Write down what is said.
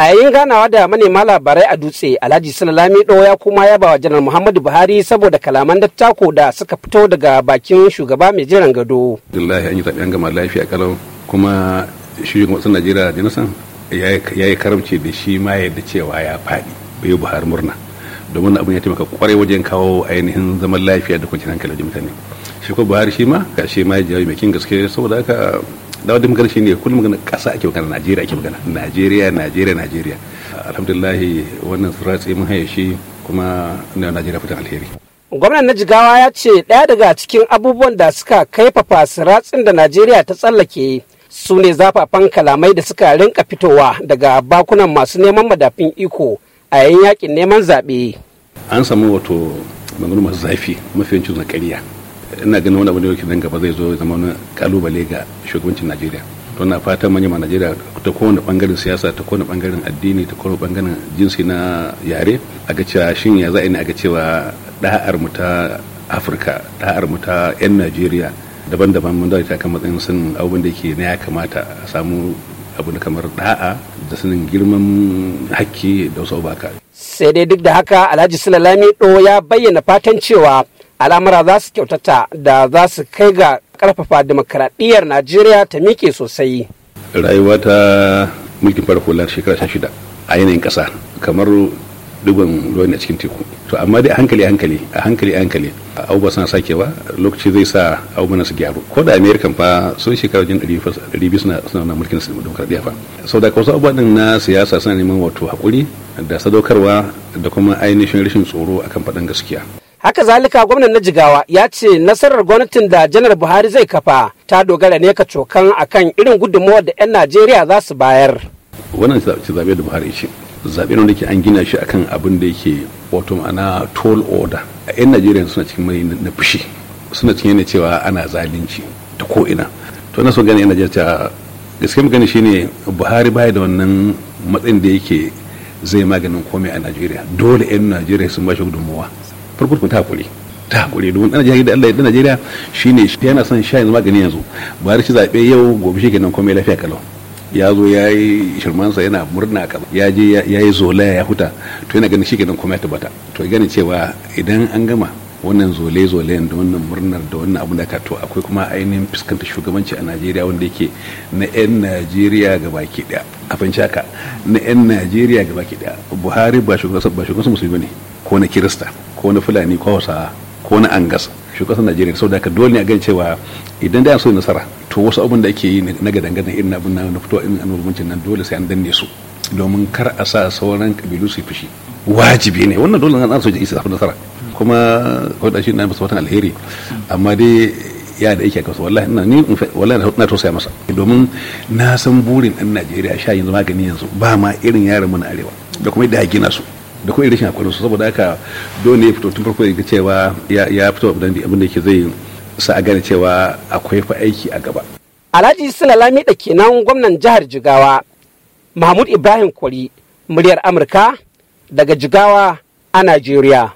a yayin ganawa da manema labarai a dutse alhaji sanalami ya kuma ya bawa janar muhammadu buhari saboda kalaman dattako da suka fito daga bakin shugaba mai jiran gado Abdullahi an yi zaɓe gama lafiya kalau kuma shugaban ƙasar najeriya jonathan ya yi karamci da shi ma yadda cewa ya faɗi bai buhari murna domin abin ya taimaka kwarai wajen kawo ainihin zaman lafiya da kwanciyar hankali da mutane shi ko buhari shi ma ga shi ma ya jawo mai kin gaske saboda haka da wadda magana shine kullum magana kasa ake magana Najeriya ake magana Najeriya Najeriya Najeriya alhamdulillah wannan tsaye mun haye shi kuma na Najeriya fitan alheri gwamnan na jigawa ya ce ɗaya daga cikin abubuwan da suka kaifafa siratsin da najeriya ta tsallake su ne zafafan kalamai da suka rinka fitowa daga bakunan masu neman madafin iko a yayin yakin neman zaɓe an samu wato maganganu masu zafi mafi yancin zakariya ina ganin wani abu ne yake nan gaba zai zo zama wani kalubale ga shugabancin najeriya to na fatan manyan najeriya ta kowane bangaren siyasa ta kowane bangaren addini ta kowane bangaren jinsi na yare a ga cewa shin ya za'a ne a ga cewa da'ar mu ta afirka da'ar mu ta yan najeriya daban-daban mun dawo ta kan matsayin sanin abubuwan da ke na ya kamata a samu abu kamar da'a da sanin girman hakki da wasu baka. sai dai duk da haka alhaji sulalami ɗo ya bayyana fatan cewa al'amura za su kyautata da za su kai ga karfafa demokradiyyar najeriya ta miƙe sosai rayuwa ta mulkin farko na shekara sha shida a yanayin ƙasa kamar digon ruwan a cikin teku to amma dai a hankali hankali a hankali hankali abubuwa suna sakewa lokaci zai sa abubuwan su gyaru ko da amerika fa sun shekara jin ɗari biyu suna suna mulkin su demokradiyya fa sau da kawasu abubuwa din na siyasa suna neman wato haƙuri da sadaukarwa da kuma ainihin rashin tsoro akan faɗin gaskiya haka zalika gwamnan na jigawa ya ce nasarar gwamnatin da janar buhari zai kafa ta dogara ne ka cokan akan irin gudunmawar da 'yan najeriya za su bayar wannan ce zaɓe da buhari ce zaɓe ne ke an gina shi akan abin da yake wato ma'ana toll order a 'yan najeriya suna cikin mai na fushi suna cikin yana cewa ana zalunci ta ko'ina to na so gane 'yan najeriya ta gaske magana shine buhari baya da wannan matsayin da yake zai maganin komai a najeriya dole 'yan najeriya sun ba shi gudunmuwa farko ku ta hakuri ta hakuri domin ɗan jihar da Allah dan Najeriya shine shi yana son sha yanzu magani yanzu ba da shi zaɓe yau gobe shi kenan komai lafiya kalau ya zo ya yi shirmansa yana murna kama ya je ya yi zolaya ya huta to yana ganin shi kenan kuma ya tabbata to ganin cewa idan an gama wannan zole zolen da wannan murnar da wannan abu da ka to akwai kuma ainihin fuskantar shugabanci a najeriya wanda yake na 'yan najeriya ga baki daya a haka na 'yan najeriya ga baki daya buhari ba shugabansu musulmi ne ko na kirista ko na fulani ko hausa ko na angas shi kasar najeriya da aka dole a gani cewa idan da so nasara to wasu abin da ake yi na gadan gadan irin abin na fito irin annabancin nan dole sai an danne su domin kar a sa sauran kabilu su fushi wajibi ne wannan dole an so isa nasara kuma wadda shi na masu watan alheri amma dai ya da yake kasu wallahi ina ni wallahi na tausaya masa domin na san burin ɗan Najeriya sha yanzu magani yanzu ba ma irin yaran mu na arewa da kuma yadda ya gina su da kuma rashin akwai su saboda haka dole ya fito tun farko ya cewa ya fito abin da ke zai sa a gane cewa akwai fa aiki a gaba alhaji silalami da kenan gwamnan jihar jigawa mahmud ibrahim kwari muryar amurka daga jigawa a najeriya